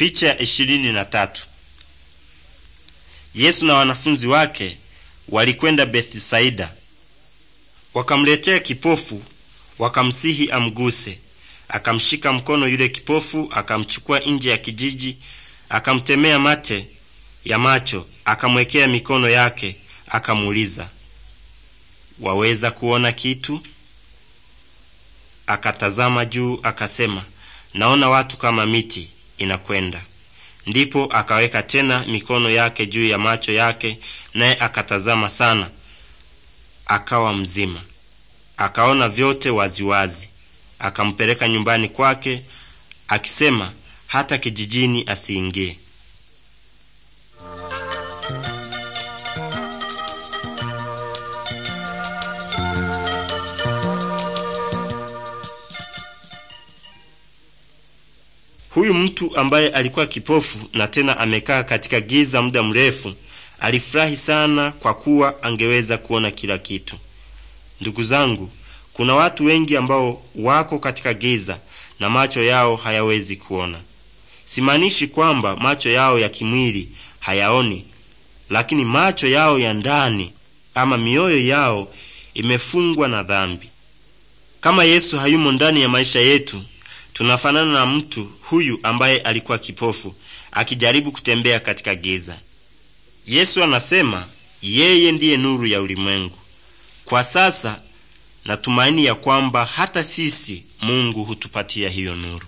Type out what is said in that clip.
Picha ishirini na tatu. Yesu na wanafunzi wake walikwenda Bethisaida. Wakamletea kipofu, wakamsihi amguse. Akamshika mkono yule kipofu, akamchukua nje ya kijiji, akamtemea mate ya macho, akamwekea mikono yake, akamuuliza, waweza kuona kitu? Akatazama juu, akasema, naona watu kama miti inakwenda. Ndipo akaweka tena mikono yake juu ya macho yake, naye akatazama sana, akawa mzima, akaona vyote waziwazi. Akampeleka nyumbani kwake, akisema hata kijijini asiingie. Huyu mtu ambaye alikuwa kipofu na tena amekaa katika giza muda mrefu alifurahi sana kwa kuwa angeweza kuona kila kitu. Ndugu zangu, kuna watu wengi ambao wako katika giza na macho yao hayawezi kuona. Simaanishi kwamba macho yao ya kimwili hayaoni, lakini macho yao ya ndani ama mioyo yao imefungwa na dhambi. Kama Yesu hayumo ndani ya maisha yetu, Tunafanana na mtu huyu ambaye alikuwa kipofu akijaribu kutembea katika giza. Yesu anasema yeye ndiye nuru ya ulimwengu. Kwa sasa natumaini ya kwamba hata sisi Mungu hutupatia hiyo nuru.